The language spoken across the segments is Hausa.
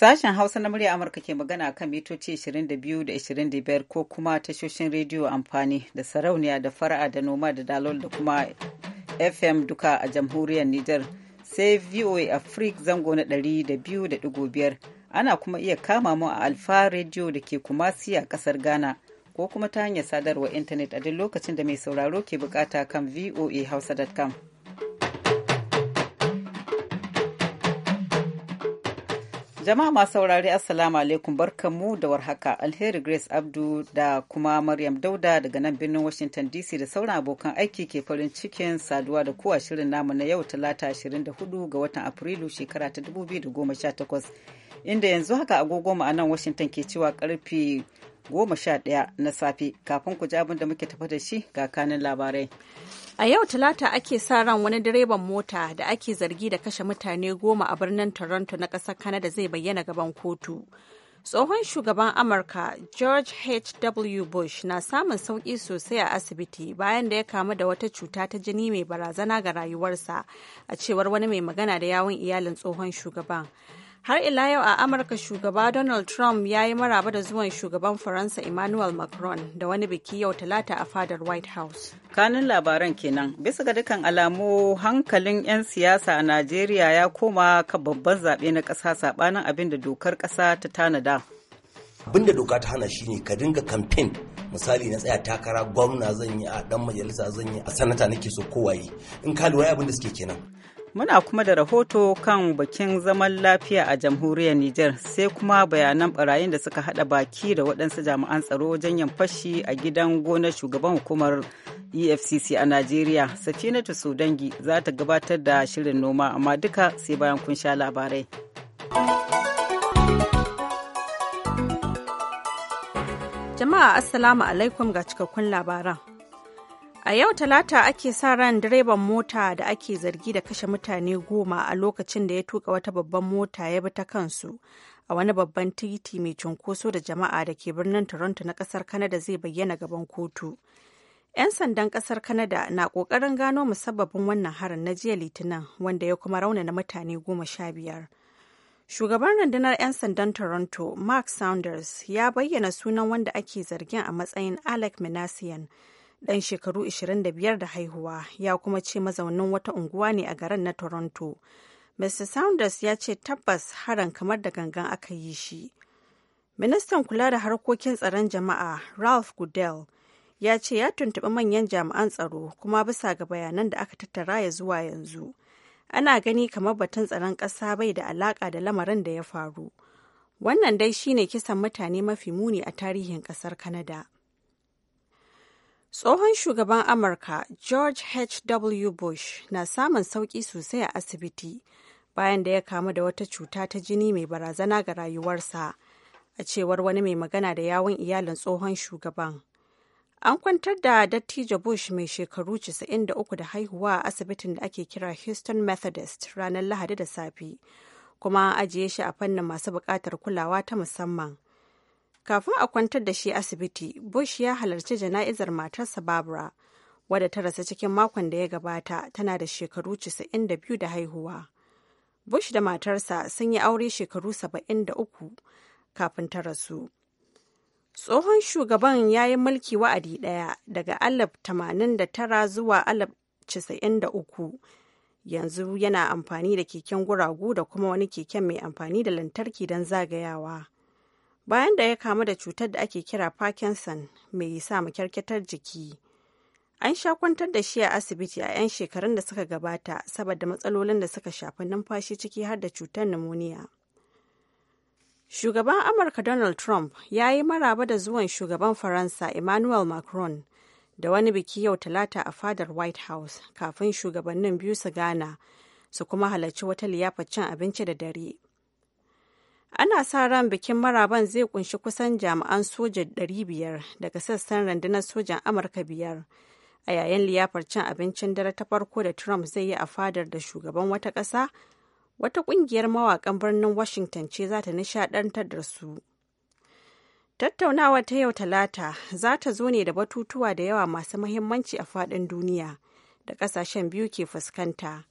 Sashen Hausa na murya Amurka ke magana kan mitoci 22 da 25 ko kuma tashoshin rediyo amfani da sarauniya da fara'a da noma da dalol da kuma FM duka a jamhuriyar Nijar. Sai VOA Africa zango na 200.5 ana kuma iya kama mu a Alfa Radio da ke Kumasi a kasar Ghana ko kuma ta hanyar sadarwa intanet a duk lokacin da mai sauraro ke bukata kan voahausa.com. Jama'a masu saurari Assalamu alaikum mu da warhaka Alheri Grace Abdu da kuma Maryam Dauda daga nan birnin Washington DC da sauran abokan aiki ke farin cikin saduwa da kowa shirin namu na yau talata 24 ga watan Afrilu shekara ta 2018 inda yanzu haka agogo mu a nan Washington ke cewa karfe goma na safe kafin ku ji abin da muke tafa da shi ga kanin labarai. A yau Talata ake sa ran wani direban mota da ake zargi da kashe mutane goma a birnin Toronto na ƙasar kanada zai bayyana gaban kotu. Tsohon shugaban Amurka George H.W. Bush na samun sauƙi sosai a asibiti bayan da ya kamu da wata cuta ta jini mai barazana ga rayuwarsa, a cewar wani mai magana da yawun iyalin tsohon shugaban. har ila yau a amurka shugaba donald trump ya yi maraba da zuwan shugaban faransa emmanuel macron da wani biki yau talata a fadar white house kanin labaran kenan bisa ga dukkan alamu hankalin 'yan siyasa a najeriya ya koma ka babban zaɓe na ƙasa saɓanin abin da dokar ƙasa ta tanada abin da doka ta hana shine ka dinga kamfen misali na tsaya takara gwamna zan yi a dan majalisa zan yi a sanata nake so kowaye in ka lura abin da suke kenan Muna kuma da rahoto kan bikin zaman lafiya a jamhuriyar Nijar sai kuma bayanan barayin da suka haɗa baki da waɗansu jami'an tsaro wajen yin fashi a gidan gonar shugaban hukumar EFCC a Najeriya. Safinatu Sudangi za ta gabatar da shirin noma amma duka sai bayan kun sha labarai. Jama'a Assalamu alaikum ga cikakkun labaran. A yau talata ake sa ran direban mota da ake zargi da kashe mutane goma a lokacin da ya tuka wata babban mota ya bi ta kansu a wani babban titi mai cunkoso da jama'a da ke birnin Toronto na kasar Kanada zai bayyana gaban kotu. 'Yan sandan ƙasar Kanada na kokarin gano musabbabin wannan harin na jiya Litinin wanda ya kuma rauna raunana mutane goma sha biyar. Shugaban rundunar 'yan sandan Toronto, Mark Saunders, ya bayyana sunan wanda ake zargin a matsayin Alec Minassian. dan shekaru 25 da haihuwa ya kuma ce mazaunin wata unguwa ne a garin na toronto mr Saunders ya ce tabbas haran kamar da gangan aka yi shi ministan kula da harkokin tsaron jama'a ralph goodell ya ce ya tuntuɓi manyan jami'an tsaro kuma bisa ga bayanan da aka tattara ya zuwa yanzu ana gani kamar batun tsaron ƙasa bai da alaƙa da lamarin da ya faru wannan dai shine kisan mutane mafi muni a tarihin ƙasar Kanada. Tsohon shugaban Amurka George H.W. Bush na samun sauƙi sosai a asibiti bayan da ya kamu da wata cuta ta jini mai barazana ga rayuwarsa, a cewar wani mai magana da yawon iyalin tsohon shugaban. An kwantar da dattijo Bush mai shekaru 93 da haihuwa a asibitin da ake kira Houston Methodist ranar Lahadi da safe, kuma an ajiye shi a fannin masu buƙatar kulawa ta musamman. Kafin a kwantar da shi asibiti, Bush ya halarci jana'izar matarsa Barbara, wadda ta rasa cikin makon da ya gabata tana da shekaru 92 da haihuwa. Bush da matarsa sun yi aure shekaru saba'in da uku kafin ta rasu. Tsohon shugaban ya yi mulki wa'adi ɗaya daga tara zuwa da uku, Yanzu yana amfani da keken guragu da kuma wani keken mai amfani da lantarki don zagayawa. bayan da ya kamu da cutar da ake kira parkinson mai sa kyarkyatar jiki an sha kwantar da shi a asibiti a 'yan shekarun da suka gabata saboda matsalolin da suka shafi numfashi ciki har da cutar pneumonia shugaban amurka donald trump ya yi maraba da zuwan shugaban faransa emmanuel macron da wani biki yau talata a fadar white house kafin shugabannin biyu su gana su kuma halarci wata liyafar cin abinci da dare ana sa ran bikin maraban zai kunshi kusan jami'an soja 500 daga sassan rundunar sojan amurka biyar a yayin liyafar cin abincin dare ta farko da trump zai yi a fadar da shugaban wata ƙasa wata ƙungiyar mawaƙan birnin washington ce za ta nishaɗantar da su tattaunawa ta yau talata za ta zo ne da batutuwa da yawa masu mahimmanci a faɗin duniya da ƙasashen biyu ke fuskanta.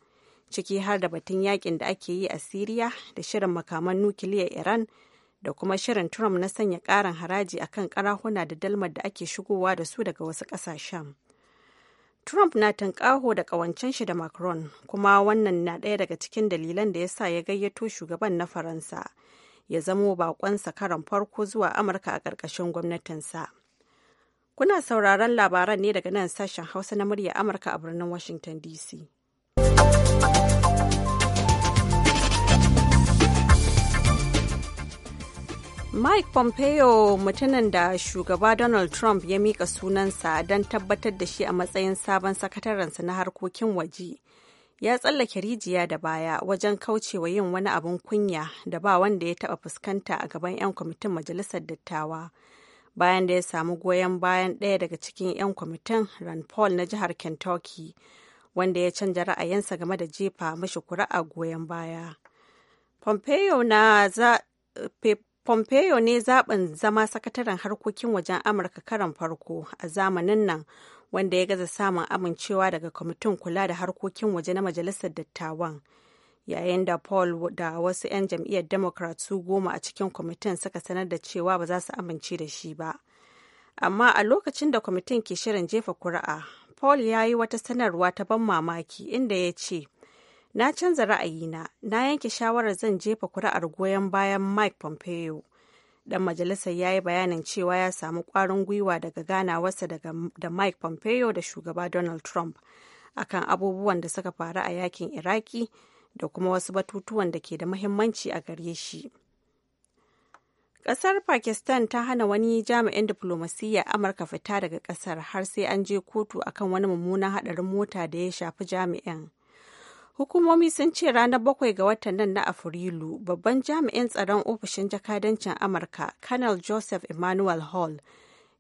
ciki har da batun yakin da ake yi a Siriya da shirin makaman nukiliya Iran da kuma shirin Trump na sanya ƙarin haraji akan karahuna da dalmar da ake shigowa da su daga wasu ƙasashen. Trump na tunƙaho da ƙawancen shi da Macron, kuma wannan na ɗaya daga cikin dalilan da ya sa ya gayyato shugaban na Faransa ya zamo baƙonsa karan farko zuwa Amurka a ƙarƙashin gwamnatinsa. Kuna sauraron labaran ne daga nan sashen Hausa na murya Amurka a birnin Washington DC. Mike Pompeo mutumin da shugaba Donald Trump ya mika sunansa don tabbatar da shi a matsayin sabon sakatarensa na harkokin waje. Ya tsallake rijiya da baya wajen kaucewa yin wani abin kunya da ba wanda ya taɓa fuskanta a gaban 'yan kwamitin Majalisar Dattawa. Bayan da ya samu goyon bayan ɗaya daga cikin 'yan kwamitin Rand Paul na jihar Kentucky, wanda ya canja ra'ayinsa game da jefa mashi kuri'a goyon baya. Pompeo na za Pompeo ne zaɓin zama sakataren harkokin wajen Amurka karan farko a zamanin nan wanda ya gaza samun amincewa daga kwamitin kula da harkokin waje na Majalisar Dattawan. Yayin da Paul da wasu 'yan jam'iyyar Democrat su goma a cikin kwamitin suka sanar da cewa ba za su amince da shi ba. Amma a lokacin da kwamitin ke shirin jefa kuri'a, Paul ya yi wata sanarwa ta ban mamaki inda ya ce, na canza ra'ayina na yanke shawarar zan jefa kuri'ar goyon bayan mike pompeo dan majalisar ya yi bayanin cewa ya samu kwarin gwiwa daga ganawarsa da mike pompeo da shugaba donald trump akan abubuwan da suka faru a yakin iraki da kuma wasu batutuwan da ke da muhimmanci a gare shi ƙasar pakistan ta hana wani jami'in diflomasiyya amurka fita daga ƙasar har sai an je kotu akan wani mummunan haɗarin mota da ya shafi jami'in Hukumomi sun ce ranar bakwai ga watan nan na Afrilu, babban jami'in tsaron ofishin jakadancin Amurka, Colonel Joseph Emmanuel Hall,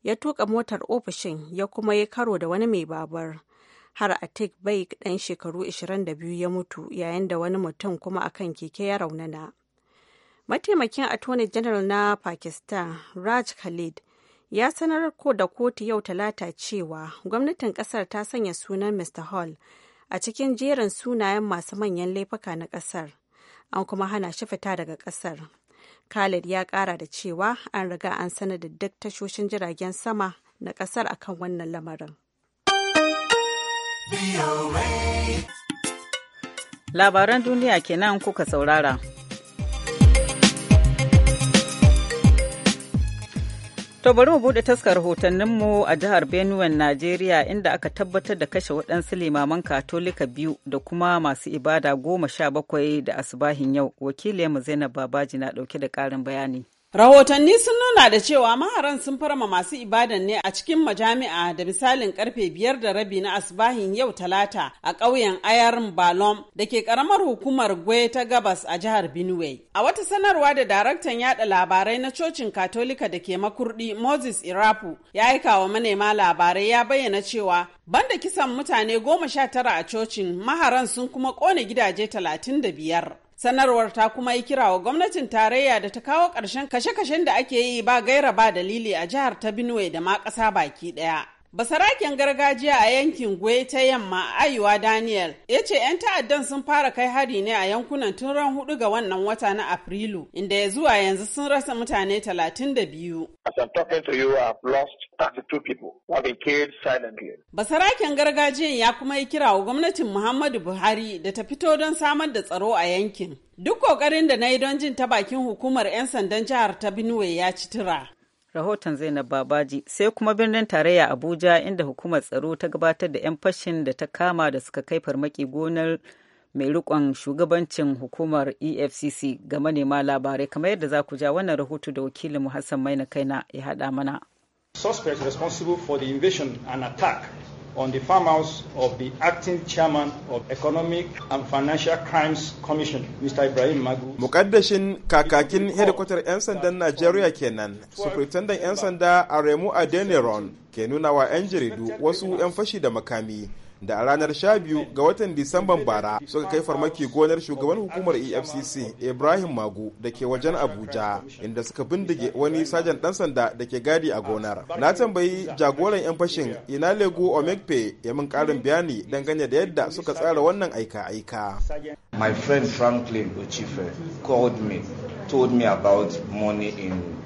ya tuka motar ofishin ya kuma ya karo da wani mai babar. Har a Atik bai ɗan shekaru 22 ya mutu yayin da wani mutum kuma a kan keke ya raunana. Mataimakin Attorney General na Pakistan, Raj Khalid, ya sanar ko da kotu yau talata cewa gwamnatin kasar ta sanya sunan Mr. Hall a cikin jerin sunayen masu manyan laifuka na ƙasar an kuma hana shi fita daga ƙasar khalid ya ƙara da cewa an riga an sanar da duk tashoshin jiragen sama na ƙasar akan wannan lamarin labaran duniya kenan kuka saurara To bari mu buɗe taskar rahotanninmu a jihar Benue, Najeriya inda aka tabbatar da kashe waɗansu limaman katolika biyu da kuma masu ibada goma sha bakwai da asibahin yau. Wakilinmu Zainab Babaji na ɗauke da ƙarin bayani. Rahotanni sun nuna da cewa maharan sun farma masu ibadan ne a cikin majami'a da misalin karfe biyar da rabi na asbahin yau talata a ƙauyen ayarin balom da ke karamar hukumar gwe ta gabas a jihar benue a wata sanarwa da daraktan yada labarai na cocin katolika da ke makurdi moses irapu ya aika wa manema labarai ya bayyana cewa banda kisan mutane goma sha tara a cocin maharan sun kuma kone gidaje talatin da biyar Sanarwar ta kuma yi kira wa gwamnatin tarayya da ta kawo ƙarshen kashe-kashen da ake yi ba gaira ba dalili a jihar ta Benue da ma ƙasa baki ɗaya. Basaraken gargajiya a yankin Gwe ta yamma Ayuwa Daniel ya ce 'yan ta'addan sun fara kai hari ne a yankunan tun ran hudu ga wannan wata na Afrilu, inda ya zuwa yanzu sun rasa mutane 32. Basaraken gargajiyan ya kuma yi kira wa gwamnatin Muhammadu Buhari da ta fito don samar da tsaro a yankin. Duk kokarin da na yi don jin ta bakin hukumar 'yan sandan jihar ta Benue ya ci tura. rahoton zainab babaji sai kuma birnin tarayya abuja inda hukumar tsaro ta gabatar da 'yan fashin da ta kama da suka kai farmaki gonar mai rikon shugabancin hukumar efcc ga manema labarai kamar yadda za ku ja wannan rahoto da wakilin hassan maina kaina ya hada mana suspect responsible for the invasion and attack on the farmhouse of the acting chairman of Economic and Financial Crimes Commission, Mr. Ibrahim Magu. Mukaddashin kakakin hedikwatar 'yan sandan Najeriya kenan, Sufritandan 'yan sanda Aremu adeniron ke nuna wa 'yan jaridu wasu 'yan fashi da makami. da a ranar sha biyu ga watan Disamban bara suka kai farmaki gonar shugaban hukumar EFCC Ibrahim Magu da ke wajen Abuja inda suka bindige wani sajan dan sanda da ke gadi a gonar. Na tambayi jagoran 'yan fashin ina lego omegpe ya min karin bayani dangane da yadda suka tsara wannan aika-aika. My friend Franklin Ochife called me told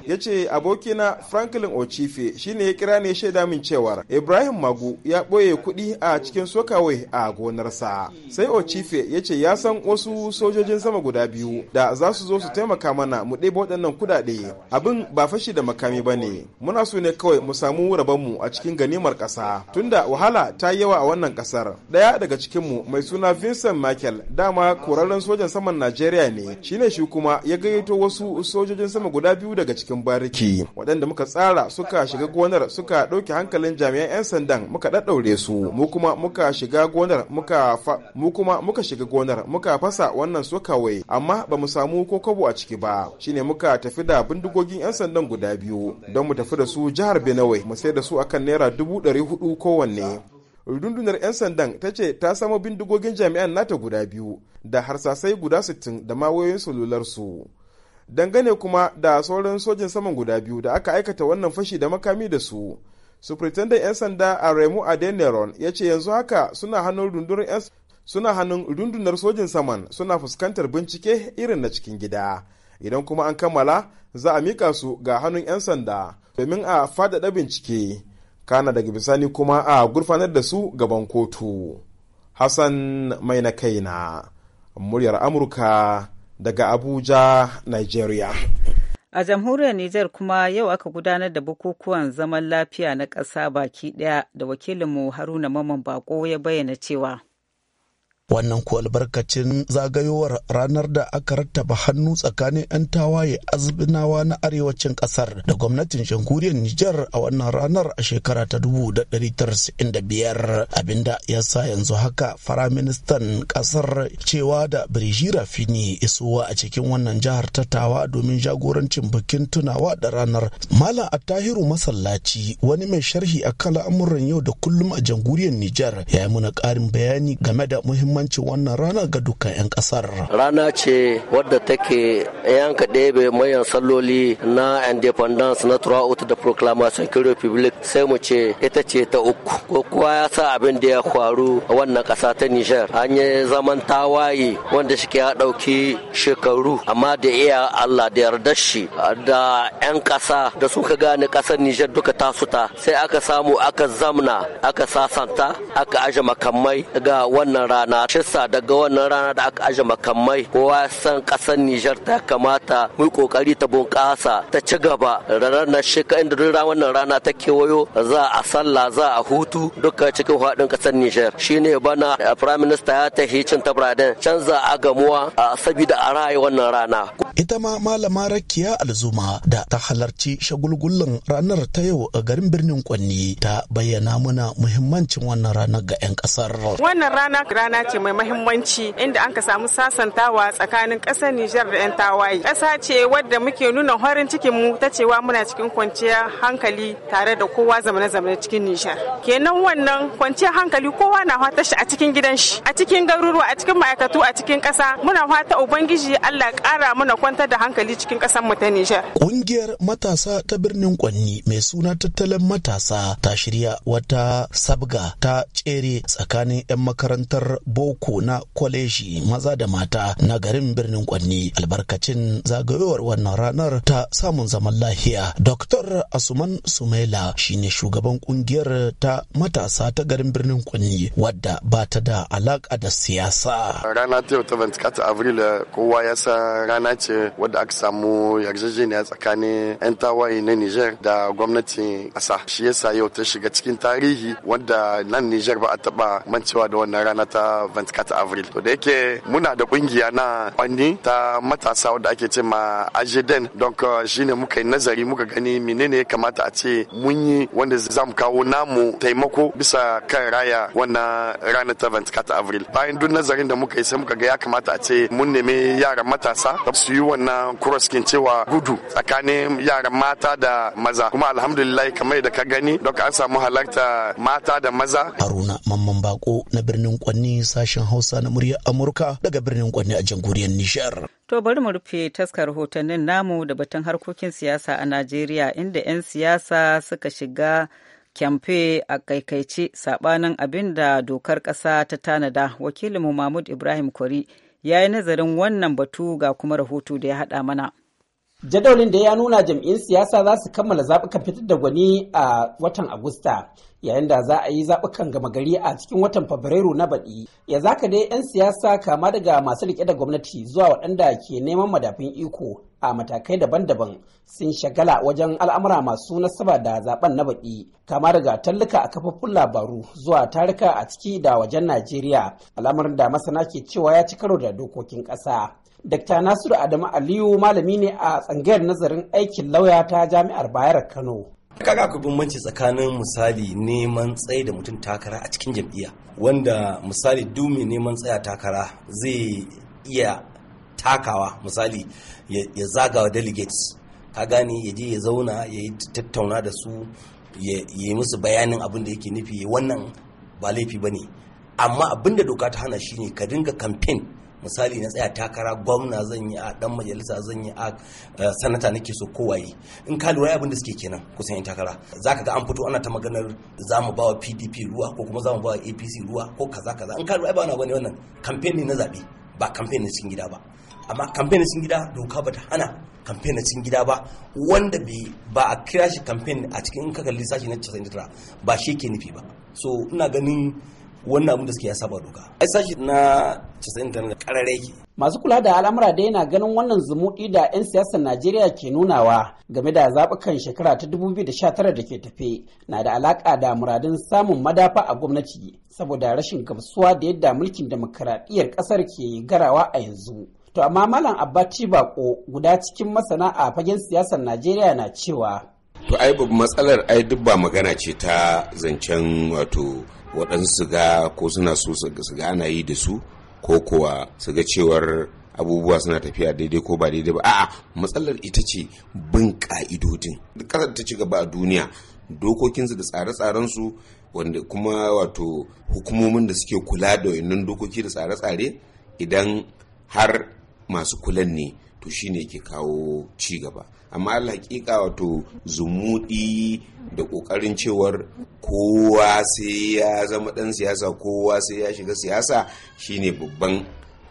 ya ce abokina franklin ochife shine ya kira ne shaida min cewar ibrahim magu ya ɓoye kuɗi a cikin sokawai a gonarsa sai ochife ya ce ya san wasu sojojin sama guda biyu da za su zo su taimaka mana mu ɗebe waɗannan kuɗaɗe abin ba fashi da makami ba ne muna so ne kawai mu samu rabonmu a cikin ganimar ƙasa tunda wahala ta yi yawa a wannan ƙasar ɗaya daga cikinmu mai suna vincent michael dama korarren sojan saman najeriya ne shine shi kuma ya gayyato kwato wasu sojojin sama guda biyu daga cikin bariki waɗanda muka tsara suka shiga gonar suka ɗauke hankalin jami'an 'yan sandan muka ɗaɗɗaure su mu kuma muka shiga gonar muka fa mu kuma muka shiga gonar muka fasa wannan sokawai amma ba mu samu ko kobo a ciki ba shine muka tafi da bindigogin 'yan sandan guda biyu don mu tafi da su jihar Benue mu sai da su akan naira dubu ɗari hudu kowanne rundunar 'yan sandan ta ce ta samo bindigogin jami'an nata guda biyu da harsasai guda sittin da mawayoyin su dangane kuma da sauran sojin saman guda biyu da aka aikata wannan fashi da makami da su sufritandan 'yan sanda a remu adeneron ya ce yanzu haka suna hannun rundunar 'yan suna hannun rundunar sojin saman suna fuskantar bincike irin na cikin gida idan kuma an kammala za a mika su ga hannun 'yan sanda domin a fadada bincike kana daga bisani kuma a gurfanar da su gaban kotu hassan mai na kaina muryar amurka daga Abuja, Nigeria. A jamhuriyar Nijar kuma yau aka gudanar da bukukuwan zaman lafiya na ƙasa baki ɗaya da wakilinmu Haruna Maman Bako ya bayyana cewa. wannan ko albarkacin zagayowar ranar da aka rattaba hannu tsakanin 'yan tawaye azbinawa na arewacin kasar da gwamnatin jamhuriyar Nijar a wannan ranar a shekara ta da biyar. abinda ya sa yanzu haka faraministan kasar cewa da birjira fini, isowa a cikin wannan jihar ta tawa domin jagorancin bikin tunawa da ranar Malam Attahiru masallaci wani mai sharhi a kan al'amuran yau da kullum a jamhuriyar Nijar ya yi muna ƙarin bayani game da muhimmanci muhimmancin wannan rana ga dukkan 'yan kasar. Rana ce wadda take yan ɗebe mayan salloli na independence na throughout da proclamation kin republic sai mu ce ita ce ta uku. Ko kowa ya sa abin da ya faru a wannan ƙasa ta Nijar. An yi zaman tawaye wanda shi ya ɗauki shekaru amma da iya Allah da yarda shi da 'yan ƙasa da suka gane ƙasar Nijar duka ta suta sai aka samu aka zamna aka sasanta aka aje makamai ga wannan rana Shissa daga wannan rana da aka aje makamai kowa san kasar Nijar ta kamata mu kokari ta bunƙasa ta ci gaba ranar na shika inda duk wannan rana ta kewayo za a sallah za a hutu duka cikin faɗin kasar Nijar shine bana eh, Prime Minister ya hicin ta braden canza agamuwa a sabida a raye wannan rana. Ita ma malama Rakiya Alzuma da ta halarci shagulgullun ranar ta yau a garin birnin Kwanni ta bayyana muna muhimmancin wannan ranar ga 'yan kasar. Wannan rana rana ce mai mahimmanci inda an ka samu sasantawa tsakanin ƙasar Nijar da 'yan tawaye. Ƙasa ce wadda muke nuna horin cikin mu ta cewa muna cikin kwanciyar hankali tare da kowa zamane-zamane cikin Nijar. Kenan wannan kwanciyar hankali kowa na fata shi a cikin gidan shi, a cikin garuruwa, a cikin ma'aikatu, a cikin ƙasa. Muna fata Ubangiji Allah ƙara muna kwantar da hankali cikin ƙasar mu ta Nijar. Ƙungiyar matasa ta birnin Kwanni mai suna tattalin matasa ta shirya wata sabga ta tsere tsakanin 'yan makarantar boko na kwaleji maza da mata na garin birnin Kwanni albarkacin zagayowar wannan ranar ta samun zaman lahiya. Dr. Asuman Sumaila shine shugaban kungiyar ta matasa ta garin birnin Kwanni wadda ba ta da alaka da siyasa. Rana ta yau ta 24 Avril kowa ya sa, rana ce wadda aka samu yarjejeniya tsakanin 'yan tawaye na Niger da gwamnatin ƙasa. Shi yasa yau ta shiga cikin tarihi wadda nan Niger ba a taɓa mancewa da wannan rana ta 24 avril to da yake muna da kungiya na kwanni ta matasa wadda ake ce ma ajeden don euh, shine muka yi nazari muka gani menene ya kamata a ce mun yi wanda za mu kawo namu taimako bisa kan raya wannan ranar ta 24 avril bayan duk nazarin da muka yi sai muka ga ya kamata a ce mun nemi yaran matasa su yi wannan kuroskin cewa gudu tsakanin yaran mata da maza kuma alhamdulillah kamar da ka gani don an samu halarta mata da maza haruna mamman bako na birnin kwanni sa sashen Hausa na muryar Amurka daga birnin kwanni a jamhuriyar Nijar. To bari mu rufe taskar hotonnin namu da batun harkokin siyasa a Najeriya inda 'yan siyasa suka shiga kyamfe a kaikaice sabanin abin da dokar ƙasa ta tanada wakilinmu Mahmud Ibrahim kori ya yi nazarin wannan batu ga kuma rahoto da ya haɗa mana. jadawalin da ya nuna jam'in siyasa za su kammala zaɓukan fitar da gwani a watan agusta yayin da za a yi zaɓukan gama gari a cikin watan fabrairu na baɗi ya zaka dai 'yan siyasa kama daga masu riƙe da gwamnati zuwa waɗanda ke neman madafin iko a matakai daban-daban sun shagala wajen al'amura masu nasaba da zaben na baɗi kama daga tallaka a kafafun labaru zuwa tarika a ciki da wajen najeriya al'amarin da masana ke cewa ya ci karo da dokokin ƙasa Dr. Nasiru Adamu Aliyu malami ne a tsangayar nazarin aikin lauya ta Jami'ar Bayar Kano. kaga ku bambanci tsakanin misali neman tsaye da mutum takara a cikin jam'iyya wanda misali dumi neman tsaya takara zai iya takawa misali ya zagawa delegates ka gane ya je ya zauna ya yi tattauna da su ya yi musu bayanin abin da yake nufi wannan ba laifi ba ne amma abin da doka ta hana shine ka dinga kamfen misali na tsaya takara gwamna zan yi a dan majalisa zan yi a eh, sanata nake so kowaye in ka lura abin da suke kenan kusan yin takara zaka ga an fito ana ta maganar za mu bawa PDP ruwa ko kuma za mu bawa APC ruwa ko kaza kaza in ka lura ba na bane wannan campaign ne na zabe ba campaign na cikin gida ba amma campaign na cikin gida doka ba ta hana campaign na cikin gida ba wanda ba a kira shi campaign a cikin kakalli sashi na 99 ba shi ke nufi ba so ina ganin wannan abin da suke ya saba doka ai sashi na 99 karare ke masu kula da al'amura da yana ganin wannan zumuɗi da 'yan siyasar najeriya ke nunawa game da zaɓukan shekara ta 2019 da ke tafe na da alaƙa da muradin samun madafa a gwamnati saboda rashin gamsuwa da yadda mulkin demokaradiyyar ƙasar ke garawa a yanzu to amma malam abbaci bako guda cikin masana a fagen siyasar najeriya na cewa to ai matsalar ai duk ba magana ce ta zancen wato waɗansu ga ko suna so su ga ana yi da su ko kuwa su ga cewar abubuwa suna tafiya daidai ko ba daidai ba a'a matsalar ita ce bin ka'idodin ƙasar ta ci gaba a duniya dokokinsu da tsare-tsarensu wanda kuma wato hukumomin da suke kula da wayannan dokoki da tsare-tsare idan har masu kulan ne to shine ke kawo ci gaba amma hakika wato zumuɗi da ƙoƙarin cewar kowa sai ya zama ɗan siyasa kowa sai ya shiga siyasa shine babban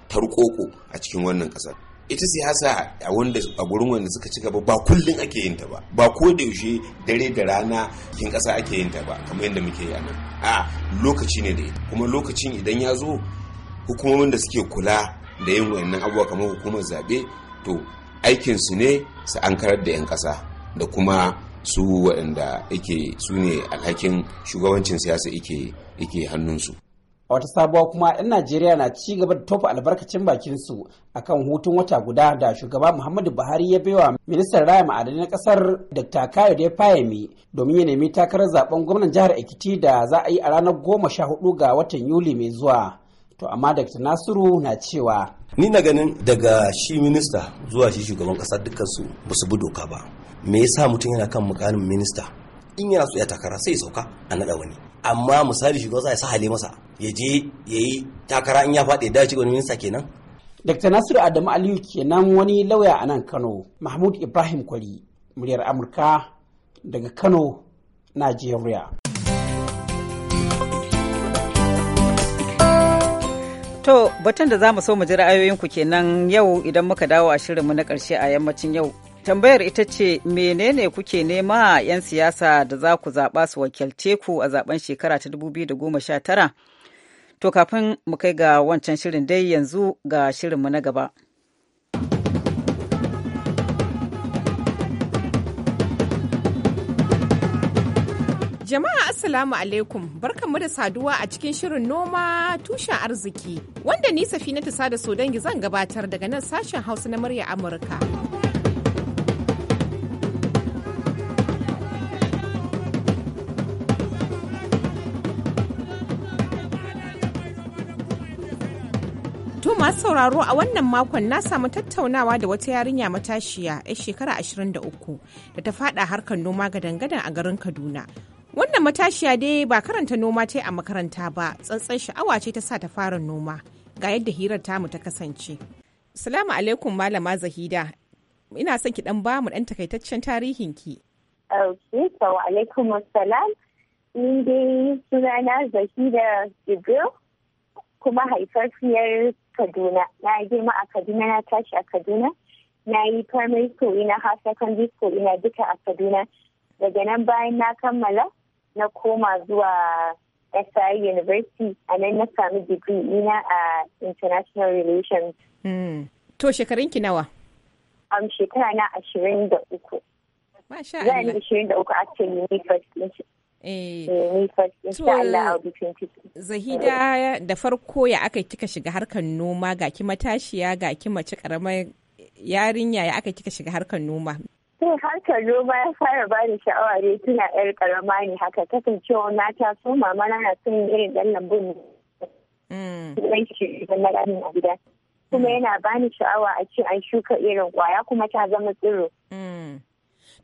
tarkoko a cikin wannan kasar ita siyasa a wanda a gurin wanda suka ci gaba ba kullum ake yin ta ba ba ko da yaushe dare da rana cikin kasa ake yin ta ba kamar yadda muke yi a nan a lokaci ne da kuma lokacin idan ya zo hukumomin da suke kula da yin wayannan abubuwa kamar hukumar zaɓe to aikinsu ne su ankarar da 'yan ƙasa da kuma su waɗanda ake su ne alhakin shugabancin siyasa ike hannunsu a wata sabuwa kuma 'yan najeriya na ci gaba da tofa albarkacin bakinsu akan hutun wata guda da shugaba muhammadu buhari ya baiwa ministan raya ma'adani na kasar dr kayode fayemi domin ya nemi takarar zaben gwamnan jihar ekiti da za a yi a ranar goma sha hudu ga watan yuli mai zuwa to amma dr nasiru na cewa ni na ganin daga shi minista zuwa shi shugaban kasa dukkansu ba su bi doka ba me yasa mutum yana kan mukamin minista in yana so ya takara sai ya sauka a naɗa wani amma misali shugaban ya sa masa ya je ya yi takara in ya faɗi ya dace wani minista kenan dr nasiru adamu aliyu kenan wani lauya a nan kano mahmud ibrahim kwari muryar amurka daga kano najeriya To batun da za mu so mu ji ra'ayoyinku kenan yau idan muka dawo a shirinmu na ƙarshe a yammacin yau. Tambayar ita ce menene kuke nema 'yan siyasa da za ku zaɓa su wakilce ku a zaɓen shekara ta 2019? To kafin mu kai ga wancan shirin dai yanzu ga shirinmu na gaba. Jama'a Assalamu alaikum barkanmu da saduwa a cikin shirin noma tushen arziki wanda ni safina ta sada dangi zan gabatar daga nan sashen hausa na murya Amurka. To masu sauraro a wannan makon na samu tattaunawa da wata yarinya matashiya 'yar shekara 23 da ta fada harkar noma gadan-gadan a garin Kaduna. Wannan matashiya dai ba karanta noma ce a makaranta ba, tsantsan sha'awa ce ta sa ta fara noma ga yadda hirar tamu ta kasance. Salamu alaikum Malama Zahida, ina son ki dan ba mu dan takaitaccen tarihin ki. Okay, so Ni sunana Zahida kuma haifafiyar Kaduna. Na girma a Kaduna, na tashi a Kaduna. Na yi primary school ina har secondary school ina duka a Kaduna. Daga nan bayan na kammala na koma zuwa SI University a nan na sami digiri ina a International Relations. Hmm. To shekarunki nawa? Am um, shekara na ashirin da uku. Masha Allah. Zan ashirin da uku actually ni first eh. Eh, Zahida da farko ya aka kika shiga harkar noma ga ki matashiya ga ki mace karamar yarinya ya aka kika shiga harkar noma. sai harkar noma ya fara ba da sha'awa dai tuna yar karama ne haka kasancewa na taso mama na son irin dan lambun mm. ne. Kuma mm. yana bani sha'awa a ce an shuka irin kwaya kuma ta zama tsiro. Mm.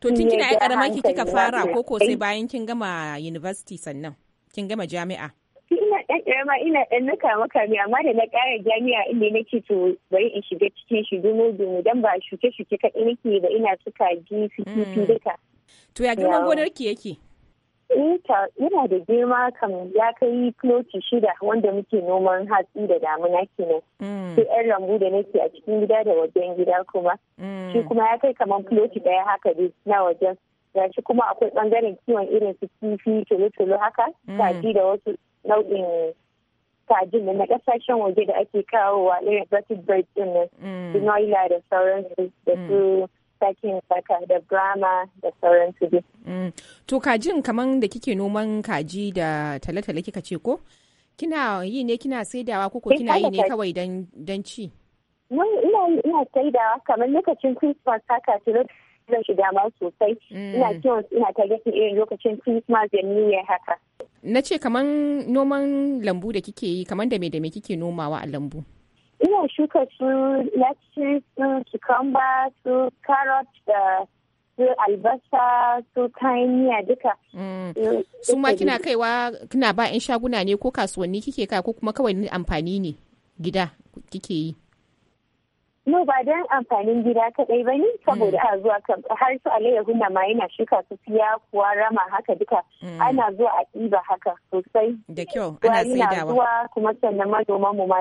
To tun kina yar karama ki kika fara ko ko sai bayan kin gama university sannan kin gama jami'a. ina ɗan ma ina ɗan nuka ne amma da na ƙara jami'a inda nake to bari in shiga cikin shi dumo dumo dan ba shuke shuke kaɗai nake ba ina suka ji fitifi hmm. duka. To ya girman gonar ki yake? Ita eh yana da girma kam ya kai kiloci shida wanda muke noman hatsi da damuna kenan. Hmm. Sai yan rambu da nake a cikin gida da wajen gida kuma. Hmm. Shi kuma ya kai kamar kiloci ɗaya haka dai na wajen. shi kuma akwai ɓangaren kiwon irin su kifi tolo-tolo haka, kaji da wasu nau'in kajin da na kasashen waje da ake kawowa irin exotic birds din nan mm. su noila da sauransu da mm. su sakin saka da brahma da sauransu dai. Mm. to kajin kaman da kike noman kaji da tale-tale kika ce ko kina yi ne kina saidawa ko kina yi ne kawai don ci ina saidawa kamar lokacin christmas haka su zan shiga ma sosai ina kiwon ina ta irin lokacin christmas da new year haka na ce kaman noman lambu da kike yi kaman da me da me kike nomawa a lambu ina shuka su lettuce su cucumber su carrot da su albasa su kayan duka mm. su ma kina kaiwa kina ba 'yan shaguna ne ko kasuwanni kike ka ko kuma kawai amfani ne gida kike yi No ba don amfanin gida kaɗai ba ne saboda mm. a zuwa har su alayyahu na ma yana shuka su fiya kuwa rama haka duka mm. ana zuwa a ɗiba haka sosai. Da kyau ana saidawa. zuwa kuma sannan manoman mu ma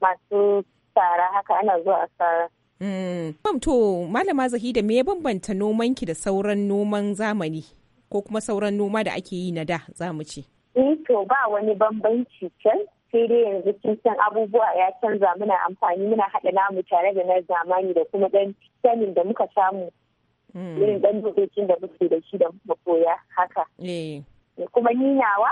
masu tsara haka ana zuwa a tsara. Mm. to malama Zahida me ya bambanta nomanki da sauran noman zamani ko kuma sauran noma da ake yi na da za mu ce. Eh, to ba wani bambanci can sai dai yanzu kin san abubuwa ya canza muna amfani muna haɗa namu tare da na zamani da kuma ɗan sanin da muka samu mm. irin ɗan dokokin da muke da shi da muka koya haka. Eh. Kuma ni nawa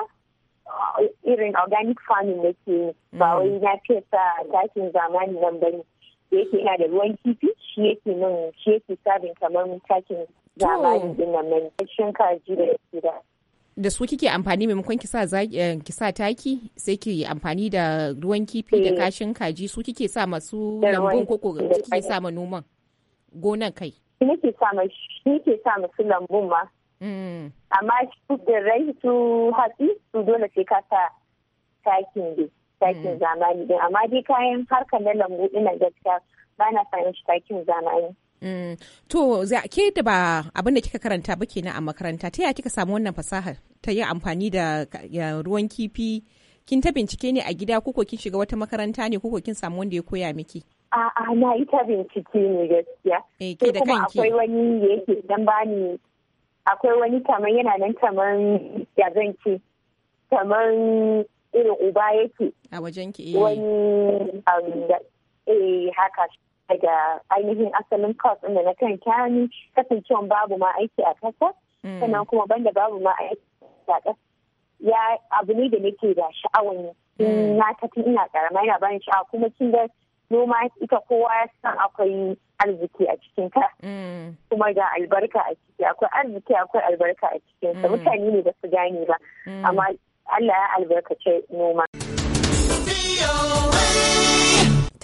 irin organic farming da ke mm. ba wai na fesa takin zamani nan bane da yake yana da ruwan kifi shi yake nan shi yake sabin kamar takin zamani din nan nan shinkaji da yake da da su kike amfani maimakon ki sa eh, ki sa taki sai ki amfani da ruwan kifi da eh. kashin kaji su kike sa masu lambun ko kike sa ma noman gonan kai nake sa ma nake sa masu lambun ma mm. amma shi da rai su hatsi su dole sai ka sa takin ne takin mm. zamani din amma dai kayan harkar na lambu ina gaskiya ba na fahimci takin zamani Mm. To ke da ba abin da kika karanta ba kenan a makaranta ta yaya kika samu wannan fasaha ta yi amfani da ruwan kifi kin ta bincike ne a gida ko kin shiga wata makaranta ne ko kin samu wanda ya koya miki? A'a na yi ta bincike ne gaskiya. Eh ke da kanki. Akwai wani yake dan bani akwai wani kamar yana nan kamar ya zan kamar irin uba yake. A wajen ki. Eh. Wani um, eh haka daga ainihin asalin cost da na kan kyani kasancewan babu ma aiki a kasa mm. sannan kuma banda babu ma aiki a kasa ya abu ne da nake da sha'awan mm. na tafi ina karama yana bani sha'awa kuma kin ga noma ita kowa ya san akwai arziki a cikin ka mm. kuma ga albarka a ciki akwai arziki akwai albarka a cikin sa mutane ne ba su gane ba amma Allah ya albarkace noma.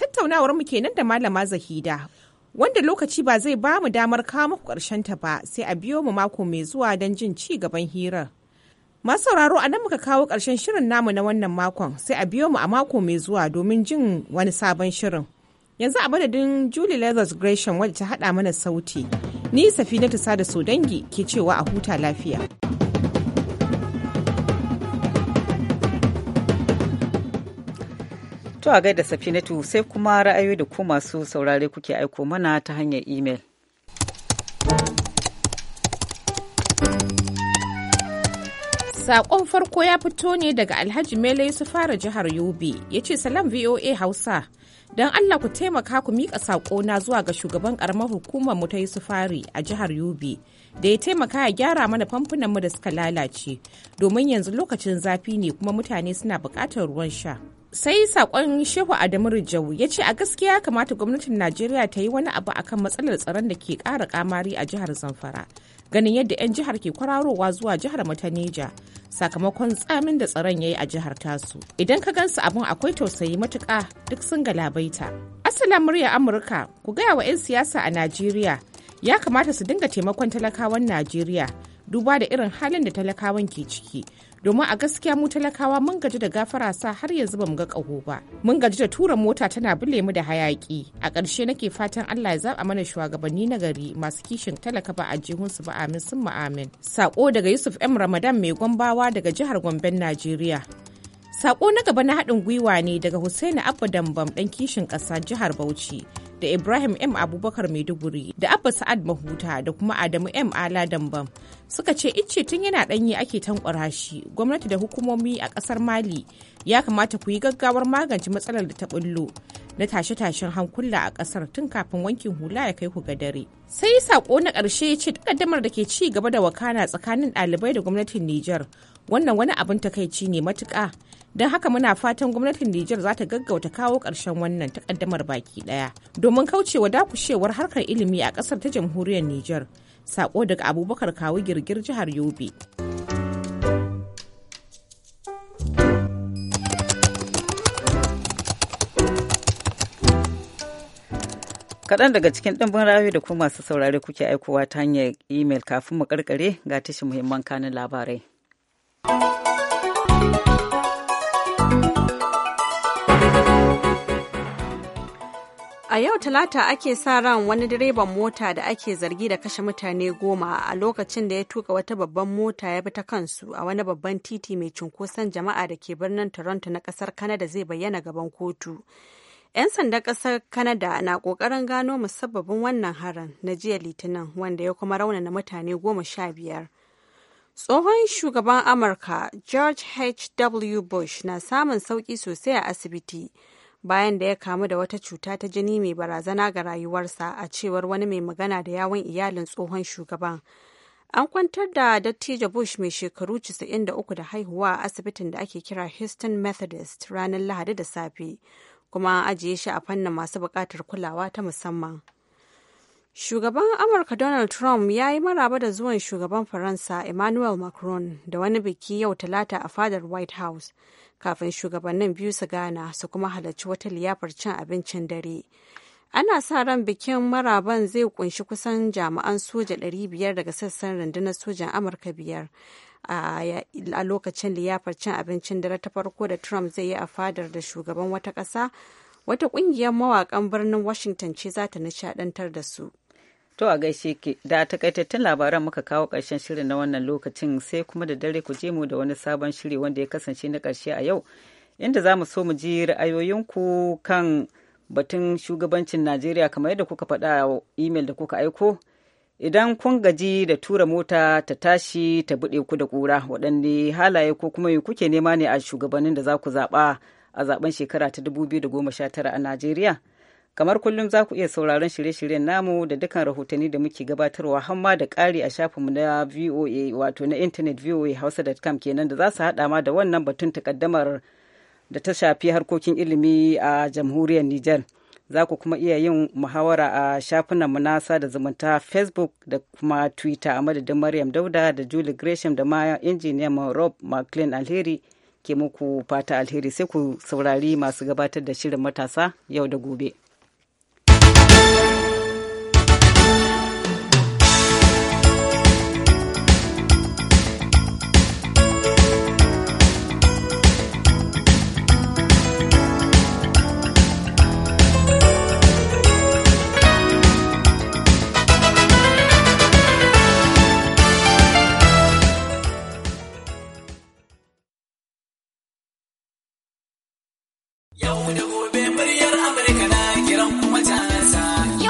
Tattaunawar mu kenan da Malama Zahida. Wanda lokaci ba zai ba mu damar kawo ƙarshen ta ba sai a biyo mu mako mai zuwa don jin ci gaban hirar. Masu sauraro a nan muka kawo ƙarshen shirin namu na wannan makon sai a biyo mu a mako mai zuwa domin jin wani sabon shirin. Yanzu a madadin Julie Leathers Gresham wadda ta haɗa mana sauti. Ni tusa Sada Sodangi ke cewa a huta lafiya. To a gaida Safinatu sai kuma ra'ayoyi da ku masu saurare kuke aiko mana ta hanyar imel. saƙon farko ya fito ne daga Alhaji Mele su fara jihar Yobe, ya ce salam VOA Hausa. Don Allah ku taimaka ku miƙa na zuwa ga shugaban ƙaramar hukumar mu ta yi sufari a jihar Yobe da ya taimaka ya gyara mana famfunan da suka lalace domin yanzu lokacin zafi ne kuma mutane suna buƙatar ruwan sha. sai sakon shehu adamu rijau ya ce a gaskiya kamata gwamnatin najeriya ta yi wani abu akan matsalar tsaron da ke kara kamari a jihar zamfara ganin yadda 'yan jihar ke kwararowa zuwa jihar mataneja sakamakon tsamin da tsaron ya yi a jihar tasu idan ka gansu abin akwai tausayi matuƙa duk sun galabaita asalin murya amurka ku gaya wa 'yan siyasa a najeriya ya kamata su dinga taimakon talakawan najeriya duba da irin halin da talakawan ke ciki domin a gaskiya mu talakawa mun gaji da gafara sa har yanzu ba mu ga ƙaho ba mun gaji da tura mota tana bule mu da hayaki a ƙarshe nake fatan Allah ya zaba mana shugabanni na gari masu kishin talaka ba a jihunsu ba amin sun amin sako daga Yusuf M Ramadan mai gwambawa daga jihar Gomben Najeriya Sako na gaba na haɗin gwiwa ne daga Hussaini Abba Dambam ɗan kishin ƙasa jihar Bauchi da Ibrahim M Abubakar Maiduguri da Abba Sa'ad Mahuta da kuma Adamu M Ala Dambam suka ce icce tun yana ɗanyi ake tankwara shi gwamnati da hukumomi a ƙasar Mali ya kamata ku yi gaggawar magance matsalar da ta ɓullo na tashe-tashen hankula a ƙasar tun kafin wankin hula ya kai ku ga dare. Sai sako na ƙarshe ya ce takaddamar da ke ci gaba da wakana tsakanin ɗalibai da gwamnatin Nijar wannan wani abin takaici ne matuƙa. don haka muna fatan gwamnatin Nijar za ta gaggauta kawo ƙarshen wannan takaddamar baki ɗaya domin kaucewa dakushewar harkar ilimi a ƙasar ta jamhuriyar Nijar. Sako daga Abubakar Kawu Girgir jihar Yobe. Kaɗan daga cikin ɗimbin rayu da kuma masu saurare kuke aikowa ta hanyar imel kafin mu karkare ga tashi muhimman kanin labarai. A yau Talata ake sa ran wani direban mota da ake zargi da kashe mutane goma a lokacin da ya tuka wata babban mota ya bi ta kansu a wani babban titi mai cunkoson jama'a da ke birnin Toronto na kasar Kanada zai bayyana gaban kotu. 'Yan sandan ƙasar Kanada na kokarin gano musabbabin wannan harin na jiya Litinin wanda ya kuma rauna na mutane goma sha biyar. Tsohon shugaban Amurka George H.W. Bush na samun sauƙi sosai a asibiti. bayan da ya kamu da wata cuta ta jini mai barazana ga rayuwarsa a cewar wani mai magana da yawon iyalin tsohon shugaban. An kwantar da dattijo Bush mai shekaru 93 da haihuwa a asibitin da ake kira Houston Methodist ranar Lahadi da safe, kuma an ajiye shi a fannin masu buƙatar kulawa ta musamman. Shugaban Amurka Donald Trump ya yi maraba da zuwan shugaban Faransa Emmanuel Macron da wani biki yau talata a fadar White House kafin shugabannin biyu su gana su kuma halarci wata liyafar cin abincin dare. Ana sa ran bikin maraban zai kunshi kusan jami'an soja 500 daga sassan rundunar sojan Amurka biyar. a lokacin liyafar cin abincin dare ta farko da Trump zai yi a fadar da shugaban wata ƙasa, wata ƙungiyar mawaƙan birnin Washington ce za ta nishaɗantar da su. To a gaishe ke da takaitattun labaran muka kawo ƙarshen shirin na wannan lokacin sai kuma da dare ku je mu da wani sabon shiri wanda ya kasance na ƙarshe a yau inda za mu so mu ji ra'ayoyinku kan batun shugabancin Najeriya kamar yadda kuka faɗa a imel da kuka aiko. Idan kun gaji da tura mota ta tashi ta buɗe ku da ƙura waɗanne halaye ko kuma kuke nema ne a shugabannin da za ku zaɓa a zaɓen shekara ta dubu biyu da goma sha tara a Najeriya. Kamar kullum za ku iya sauraron shirye-shiryen namu da dukkan rahotanni da muke gabatarwa hamma da ƙari a shafinmu na VOA wato na intanet hausa.com kenan da za su haɗa ma da wannan batun takaddamar da ta shafi harkokin ilimi a jamhuriyar Nijar. Za ku kuma iya yin muhawara a mu na sada zumunta Facebook da kuma Twitter a madadin Maryam Dauda da Julie Gresham da ma injiniyan Rob McLean Alheri ke muku fata alheri sai ku saurari masu gabatar da shirin matasa yau da gobe.